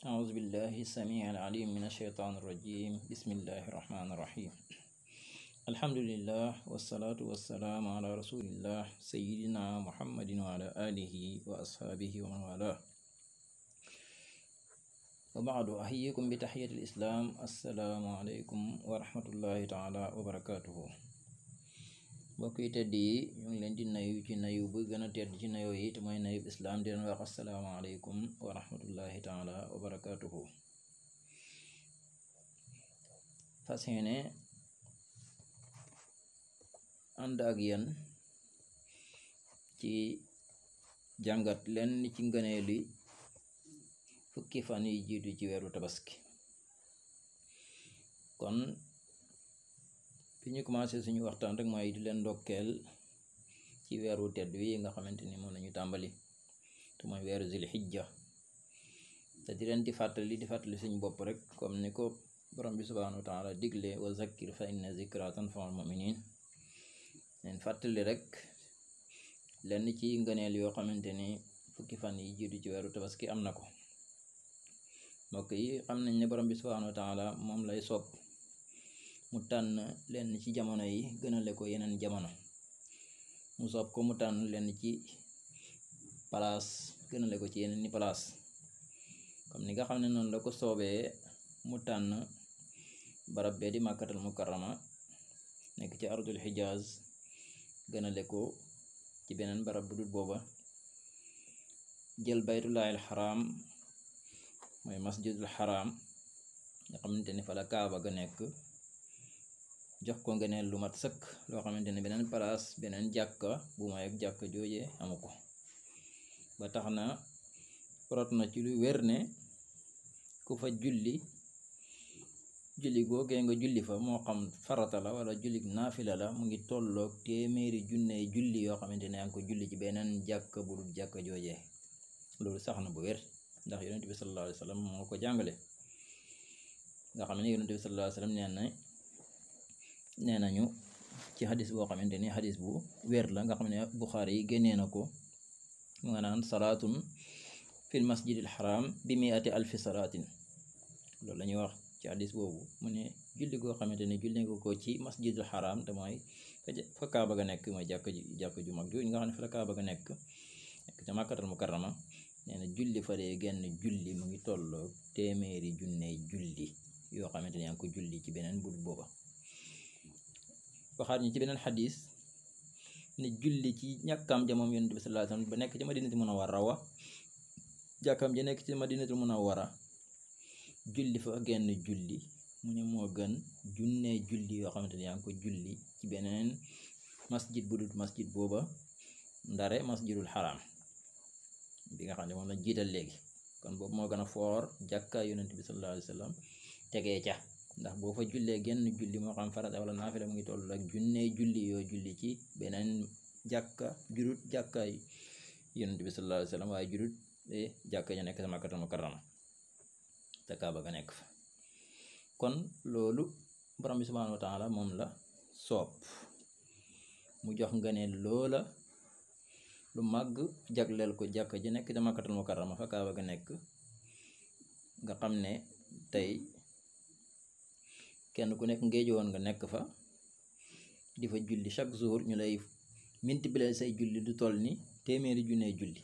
أعوذ بالله السميع العليم من الشيطان الرجيم بسم الله الرحمن الرحيم الحمد لله والصلاة والسلام على رسول الله سيدنا محمد وعلى آله وأصحابه ومن والاه وبعد أحييكم بتحية الإسلام السلام عليكم ورحمة الله تعالى وبركاته mbokk yi tedd yi ñu ngi leen di nayu ci nayu bu gën a tedd ci nayoo yi te mooy nayu islaam di leen wax asalaamaaleykum wa rahmatullahi taala wa barakaatuhu fas ànd ak yéen ci jàngat leen ci ngënee li fukki fan yi jiitu ci weeru tabaski kon fi ñu commencé suñu waxtaan rek mooy di leen ndokkeel ci weeru tedd wi nga xamante ni moom nañu tàmbali te mooy weeru zil xijja te di leen di fàttali di fàttali suñu bopp rek comme ni ko borom bi subhaanahu wa taala digle wa zakkir fa inna zikra tanfaul muminin leen fàttali rek lenn ci ngëneel yoo xamante ni fukki fan yi jiitu ci weeru tabaski am na ko mbokk yi xam nañ ne borom bi subhaanahu wa moom lay sopp mu tànn lenn ci jamono yi gënale ko yeneen jamono mu soob ko mu tànn lenn ci palaas gënale ko ci yeneen ni palaas comme ni nga xam ne noonu la ko soobee mu tànn barab bee di màkkatal mukarrama nekk ci ardul xijaaz gënale ko ci beneen barab bu dul booba jël baytullaahil xaraam mooy masjidul xaram nga xamante ni fa la kaaba ga nekk jox ko ngeneen lu mat sëkk loo xamante ne beneen palaas beneen jàkka bu may ak jàkka joojee amu ko ba tax na rot na ci lu wér ne ku fa julli julli googee nga julli fa moo xam farata la wala julli naafila la mu ngi tolloog téeméeri junne julli yoo xamante ne am ko julli ci beneen jàkka bu dul jàkka joojee loolu sax na bu wér ndax yonent bi sallallahu alayhi wa xam ne yonent na nee nañu ci xadis boo xamante ni xadis bu wér la nga xam ne Buxaari yi génnee na ko mu nga naan salaatun fil masjidil xaram bi miati alfi salaatin loolu la ñuy wax ci xadis boobu mu ne julli goo xamante ne julli nga ko ci masjidul xaram te mooy fa kaaba nekk mooy jàkk jàkk ju mag jooju nga xam ne fa kaaba ga nekk nekk ca màkkatal mukarrama nee na julli fa dee genn julli mu ngi tolloo téeméeri junney julli yoo xamante ne yaa ngi ko julli ci beneen bul booba waxaat ñu ci beneen xadis ne julli ci ñàkkaam ja moom yonent bi sallallahu alayhi wasallam ba nekk ci a war wa jàkkaam ja nekk ci ma mën a munawwara julli fa genn julli mu ne moo gën junne julli yoo xamante ne yaa ngi ko julli ci beneen masjid bu dul masjid booba ndare masjidul xaraam bi nga xam ne moom la jiital léegi kon boobu moo gën a foor jàkka yonent bi sallallahu alayhi wasallam tegee ca ndax boo fa jullee genn julli moo xam farata wala naafila mu ngi toll rek junnee julli yoo julli ci beneen jàkka jurut jàkka yonent bi sallallahu alayhi wa sallam eh, nekk sa Makkatul Mukarrama te Kaaba ga nekk kon loolu borom bi subhaanahu moom la soob mu jox nga ne loola lu màgg jagleel ko jàkka ji nekk ca Makkatul Mukarrama fa Kaaba ga nekk nga xam ne tey kenn ku nekk ngéej woon nga nekk fa di fa julli chaque jour ñu lay multiplier say julli du toll ni téeméeri junnee julli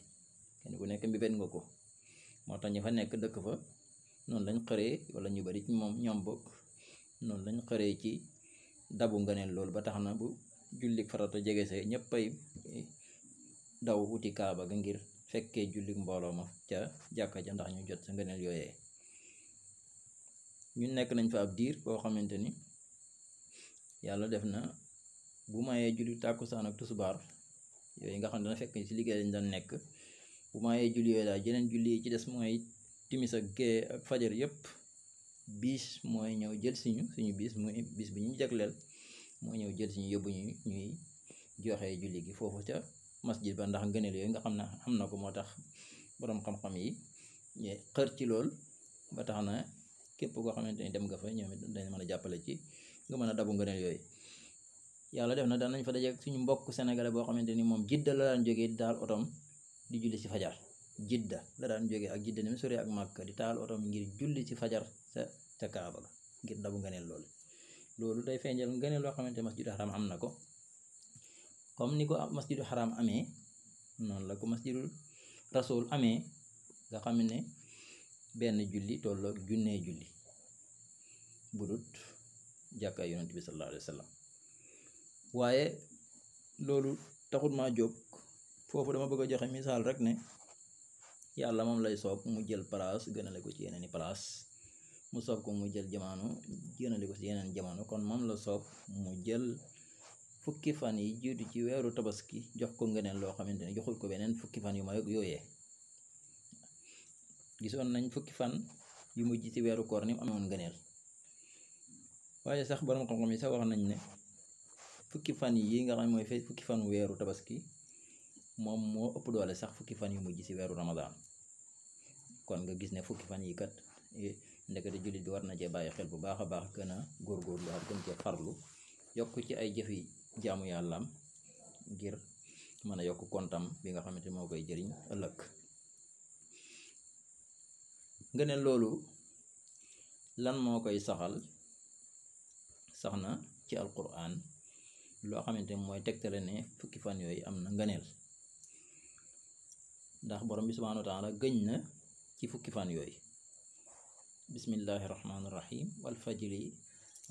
kenn ku nekk mbibet nga ko moo tax ñu fa nekk dëkk fa noonu lañ xëree wala ñu bari moom ñoom bokk noonu lañ xëree ci dabu nga neen loolu ba tax na bu julli farata jege see ñëpp daw wuti kaaba ga ngir fekkee julli mbooloo ma ca jàkka ja ndax ñu jot sa ngëneel yooyee ñun nekk nañ fa ab diir boo xamante ni yàlla def na bu mayee julli tàkkusaan ak tusubaar yooyu nga xam ne dana fekk si liggéey dañ daan nekk bu mayee julli yooyu daal jeneen julli yi ci des mooy timis ak gee ak fajar yëpp biis mooy ñëw jël siñu suñu biis muy bis bi ñu jagleel mooy ñëw jël siñu yóbbu ñu ñuy joxe julli gi foofu ca masjid ba ndax ngëneel yooyu nga xam ne am na ko moo tax boroom xam-xam yi xër ci lool ba tax na képp koo xamante ni dem nga fa ñoom it dañ mën a jàppale ci nga mën a dabu ngëneel yooyu yàlla def na nañ fa daje suñu mbokk sénégalais boo xamante ni moom jidda la daan jógee di taal otom di julli ci fajar jidda la daan jógee ak jidda ni mu sori ak màkk di taal otom ngir julli ci fajar sa ca kaaba ga ngir dabu ngëneel loolu loolu day feeñal ngëneel loo xamante masjidu xaram am na ko comme ni ko masjidu xaram amee noonu la ko masjidul rasul amee benn julli tolloog junne julli bu dut jàkkaay yonent bi sallallahu waaye loolu taxut maa jóg foofu dama bëgg a joxe misaal rek ne yàlla moom lay soob mu jël place gënale ko ci yeneen i place mu soob ko mu jël jamono gënale ko ci yeneen jamono kon moom la soob mu jël fukki fan yi jiitu ci weeru tabaski jox ko ngeneen loo xamante ne joxul ko beneen fukki fan yu ma yooyee gisoon nañ fukki fan yu mujj ci weeru koor ni mu amoon gëneel waaye sax borom xam-xam yi sax wax nañ ne fukki fan yi nga xam mooy fukki fan weeru tabaski moom moo ëpp doole sax fukki fan yu mujj ci weeru ramadaan kon nga gis ne fukki fan yi kat eh, ndekete jullit bi war na cee bàyyi xel bu baax a baax gën a góorgóorlu ak gën cee yokk ci ay jëfi jaamu yàllaam ngir mën a yokk kontam bi nga xamante moo koy jëriñ ëllëg nga loolu lan moo koy saxal sax na ci alquran loo xamante ni mooy tegtale ne fukki fan yooyu am na ngëneel ndax borom bi subhaanahu wa taala gëñ na ci fukki fan yooyu bismillahi rahmaani rahim wal fajri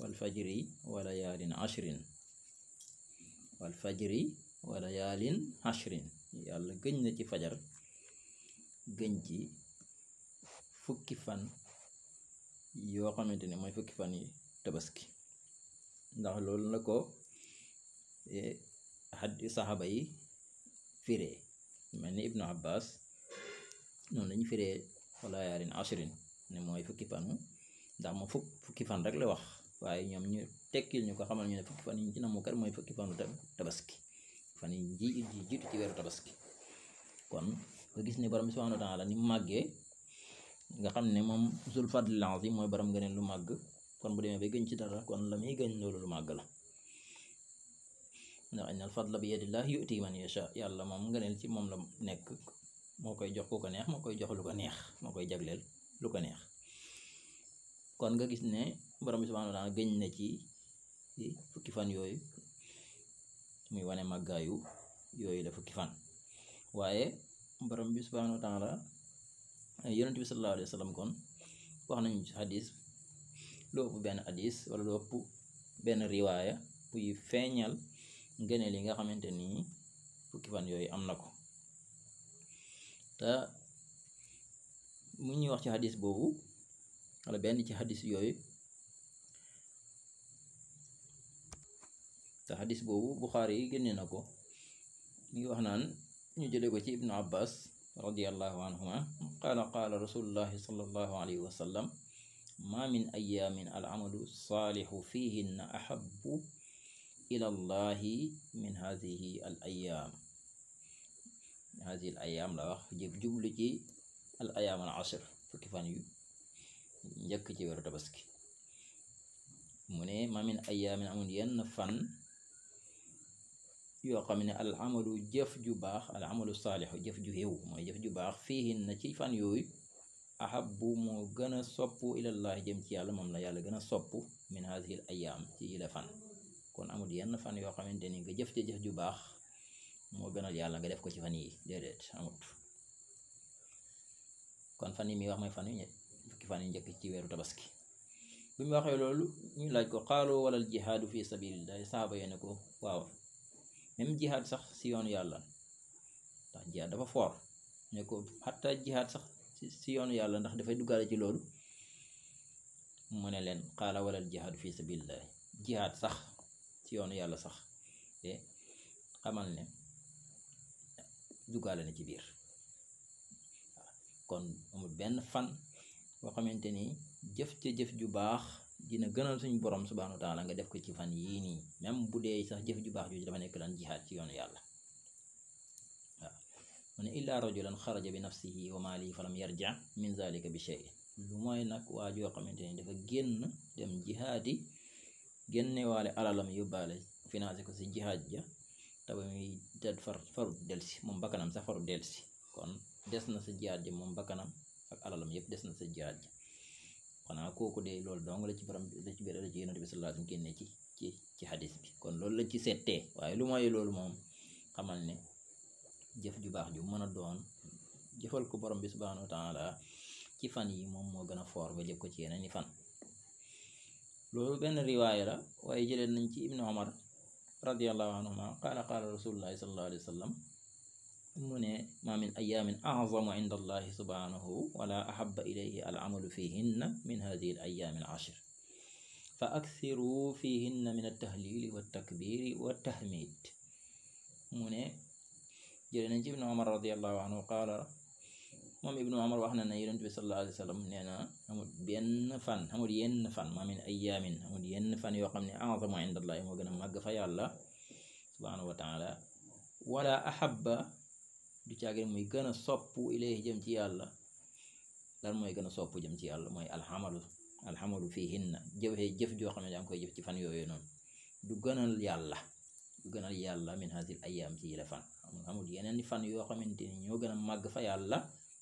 wal fajiri wa layaalin ashrin wal fajri wa layaalin ashrin yàlla gëñ na ci fajar gëñ ci fukki fan yoo xamante ne mooy fukki fan yi tabaski ndax loolu la ko xaddi e, saxaaba yi firee mel ni ibnu abbas noonu lañu firee xolaayaarin ashrin ne mooy fukki fanu ndax mu fukki fan rek la wax waaye ñoom ñu tekkil ñu ko xamal ñu ne fukki fan yi ci mooy fukki fanu tabaski fan yi ji jiitu ci weeru tabaski kon nga gis ne borom bi subhanahu wa taala ni màggee nga xam ne moom zul fadlil azim mooy borom gëneel lu màgg kon bu demee ba gën ci dara kon la muy gën loolu lu màgg la ndax innal fadla bi yadillah yuti man yasha yàlla moom ngëneel ci moom la nekk moo koy jox ko ko neex moo koy jox lu ko neex moo koy jagleel lu ko neex kon nga gis ne borom bi subhanahu wa taala gëñ na ci fukki fan yooyu muy wane màggaayu yooyu la fukki fan waaye borom bi subhanahu wa taala Eh, yonent bi sallallahu alayhi wa sallam kon wax nañu ci xadis lu ëpp benn xadis wala lu ëpp benn riwaaya buy feeñal ngëneel yi nga xamante nii fukki fan yooyu am na ko te mu ñuy wax ci xadis boobu wala benn ci xadis yooyu te xadis boobu Buxaari yi génne na ko ñu ngi wax naan ñu jële ko ci Ibnu Abbas radiyallahu anhuma qaala qaala rasulullahi sallallahu alayhi wa ma min ayaamin alamalu saalihu fihinna ahabu ila min hadihi al la wax jëg jublu ci al ayaam al ashr fukki ma min ayaamin amul yenn fan yoo xam ne al amalu jëf ju baax al amalu saalixu jëf ju xew mooy jëf ju baax fiihin na ci fan yooyu ahabbu moo gën a sopp ilallaah jëm ci yàlla moom la yàlla gën a sopp min haadihi l ayaam ci yila fan kon amul yenn fan yoo xamante ni nga jëf ca ju baax moo gënal yàlla nga def ko ci fan yi kon fan yi muy wax mooy fan yu njëkk ci weeru tabaski bi waxee loolu ñu laaj ko xaalu walal jihaadu fi sabilillahi saaba yee ne ko waaw même jihaad sax si yoonu yàlla ndax jihaad dafa foor ne ko xatta jihaad sax si yoonu yàlla ndax dafay duggaale ci loolu mu ne leen xaala walal fii sa sabilillah jihaad sax ci yoonu yàlla sax te xamal ne duggaale na ci biir kon amul benn fan boo xamante ni jëf ca jëf ju baax dina gënal suñu borom subhaanahu wa taala nga def ko ci fan yii nii même bu dee sax jëf ju baax jooju dafa nekk lan jihaad ci yoonu yàlla waaw mu ne illaa rajulan xaraja bi nafsihi wa maalihi falam yarja min zalika bi shay lu mooy nag waa joo xamante ni dafa génn dem jihaadi génnewaale alalam yóbbaale financé ko si jihaad ja te ba muy det far faru delsi moom bakkanam sax faru delsi kon des na sa jihaad ja moom bakkanam ak alalam yëpp des na sa jihaad ja xanaa kooku de loolu dong la ci borom la ci biir la ci yonent bi génne ci ci ci xadis bi kon loolu lañ ci settee waaye lu mooy loolu moom xamal ne jëf ju baax ju mën a doon jëfal ko borom bi subhanahu wa taala ci fan yi moom moo gën a foor ba jëf ko ci yeneen yi fan loolu benn riwaaya la waaye jëlee nañ ci ibnu omar radiallahu anhuma qaala qaala rasulullahi sallallahu alayhi wa sallam mu ne maa min ayaamin azamu inda allahi subhanahu wala ahaba ilayhi al amalu fihinna min hadihi al ayaami al ashir fa aksiru fihinna min altahlili waltakbiri waltahmid mu ne jële nañ ci ibnu omar radiallahu anhu qaala moom ibnu omar wax na ne yonent bi sallallahu alayhi wa sallam nee na amul benn fan amul yenn fan maa min ayaamin amul yenn fan yoo xam ne azamu inda allahi moo gën a màgg fa yàlla subhanahu wa taala wala ahaba du caagin muy gën a soppu ilayhi jëm ci yàlla lan mooy gën a soppu jëm ci yàlla mooy alxamalu alxamalu fii hinna jëfee jëf joo xam ne daa ngi koy jëf ci fan yooyu noonu du gënal yàlla du gënal yàlla min hasil ayaam ci yile amul amul yeneen fan yoo xamante ni ñoo gën a màgg fa yàlla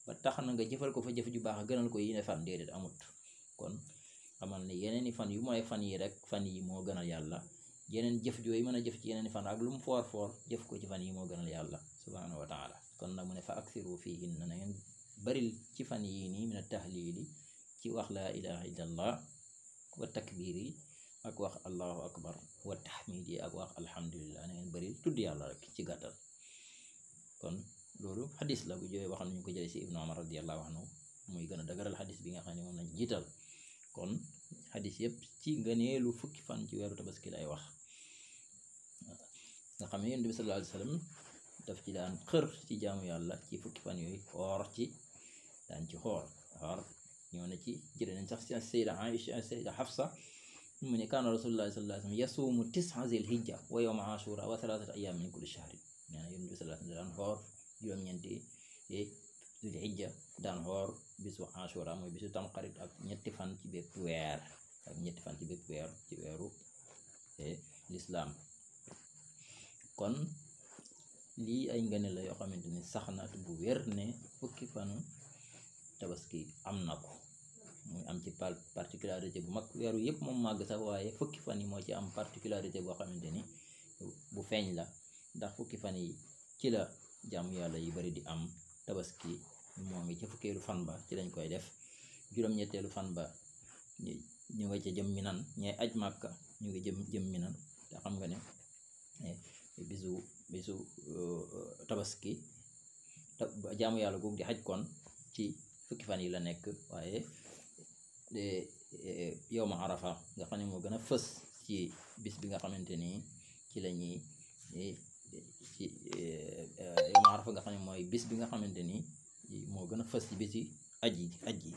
ba tax na nga jëfal ko fa jëf ju baax gënal ko yile fan déedéet amut kon xamal ne yeneen i fan yu mooy fan yi rek fan yi moo gënal yàlla yeneen jëf jooyu mën a jëf ci yeneen i fan ak lu mu foor foor jëf ko ci fan yi moo gënal yàlla subhanahu wa kon nag mu ne fa akthiru fihinna na ngeen ci fan yii nii min a tahliili ci wax laa ilaha illallah wa takbiir yi ak wax allahu akbar wa tahmid yi ak wax alhamdulillah na ngeen baril tudd yàlla rek ci gàttal kon loolu xadis la bu jëlee waxam ñu ko jëlee si ibnu amar radiallahu anhu muy gën a dagaral xadis bi nga xam ne moom nañ jiital kon xadis yëpp ci ngëneelu fukki fan ci weeru tabaski lay wax nga xam ne yonent bi sallallahu alayhi wa sallam daf ci daan xër ci jaamu yàlla ci fukki fan yooyu xoor ci daan ci xoor xoor ñoo na ci jëre nañ sax sayda Aïcha sayda Hafsa mu ne kaana rasulullahi sallallahu alayhi wasallam yasuumu tis'a zil hijja wa yawma ashura wa thalathata ayyam min kulli shahrin na yonent bi sallallahu alayhi wasallam daan xoor juróom-ñeenti zil hijja daan xoor bisu ashura mooy bisu tamxarit ak ñetti fan ci bépp weer ak ñetti fan ci bépp weer ci weeru eh, lislaam kon lii ay ngëneel la yoo xamante ni sax na bu wér ne fukki fanu tabaski am na ko muy am ci particularité bu mag weeru yépp moom màgg sax waaye fukki fan yi moo ci am particularité boo xamante ni bu feeñ la ndax fukki fan yi ci la jàmm yàlla yu bari di am tabaski moo ngi ci fukkeelu fan ba ci lañ koy def juróom-ñetteelu fan ba ñu nga ca jëm minan nan aj màkka ñu ngi jëm jëm mi nan te xam nga ne eh, bisu bisu euh, euh, tabaski jaamu yàlla googu di xaj kon ci fukki fan yi la nekk waaye e, yow ma arafa nga xam ne moo gën a fës ci bis bi nga xamante ni ci la ñuy e, ci e, yow ma arafa nga xam ne mooy bis bi nga xamante ni moo gën a fës ci bisi aji aji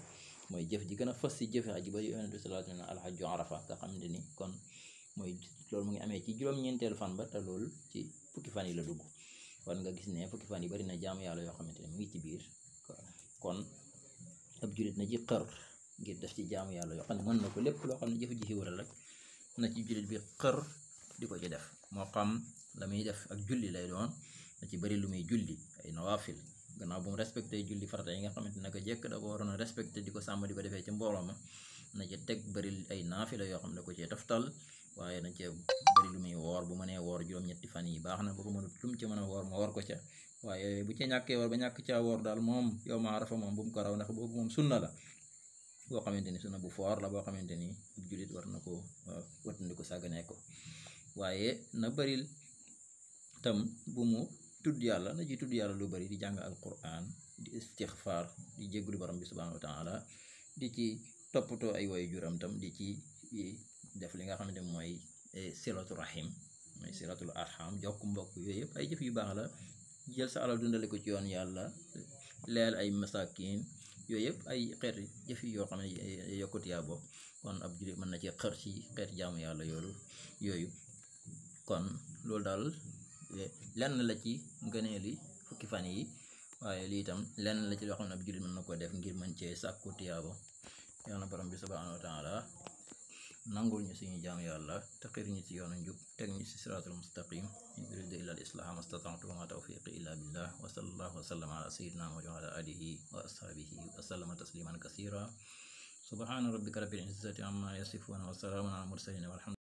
mooy jëf ji gën a fës ci jëfe aji ba yonent bi sallallahu alayhi wa sallam alxaju arafa nga xamante ni kon mooy loolu mu ngi amee ci juróom-ñeenteelu fan ba te loolu ci fukki fan yi la dugg kon nga gis ne fukki fan yi bari na jaamu yàlla yoo xam ne mu ngi ci biir kon ab julit na ci xër def ci jaamu yàlla yoo xam ne mën na ko lépp loo xam ne jëf ji xiwal rek na ci julit bi xër di ko ci def moo xam la muy def ak julli lay doon na ci bari lu muy julli ay nawaafil gannaaw bu mu respecté julli farata yi nga xamante naka jekk da ko waroon a respecté di ko sàmm di ko defee ci mbooloo ma na ci teg bari ay naafila yoo xam ne da ko cee toftal waaye dañ cee bëri lu muy woor bu mënee woor juróom-ñetti fan yi baax na bu ko mënut lu mu ci mën a woor ma woor ko ca waaye bu ci ñàkkee woor ba ñàkk caa woor daal moom yow ma arafa moom bu mu ko raw ndax boobu moom sunna la boo xamante ni sunna bu foor la boo xamante ni bu war na ko watandi ko sàgganee ko waaye na bëri tam bu tudd yàlla na ji tudd yàlla lu bëri di jàng alquran di istixfaar di jéggulu borom bi subhanahu wa taala di ci toppatoo ay woy juram tam di ci def li nga xam ne mooy eh, silatu rahim mooy silatul arham jokk mbokk yooyu yëpp ay jëf yu baax la jël sa alal dundale ko ci yoon yàlla leel ay masakin yooyu yëpp ay xeeti jëf yoo xam ne yokkute yaa kon ab jullit mën na ci xër ci xeeti yàlla yoolu yooyu kon loolu daal eh, lenn la ci ngëneeli fukki fan yi waaye lii lenn la ci loo xam ne ab jullit mën na ko def ngir mën cee sàkku tiyaabo yàlla borom bi subhanahu wa nangul ñu suñu jaam yàlla taqir ñu ci yoonu njub teg ñu ci siraatul mustaqim in uridu illa al islaha mastata'tu wa ma tawfiqi illa billah wa sallallahu wa sallam ala sayyidina muhammad wa ala alihi wa ashabihi wa sallama tasliman kasira subhana rabbika rabbil izzati amma yasifun wa salamun ala mursalin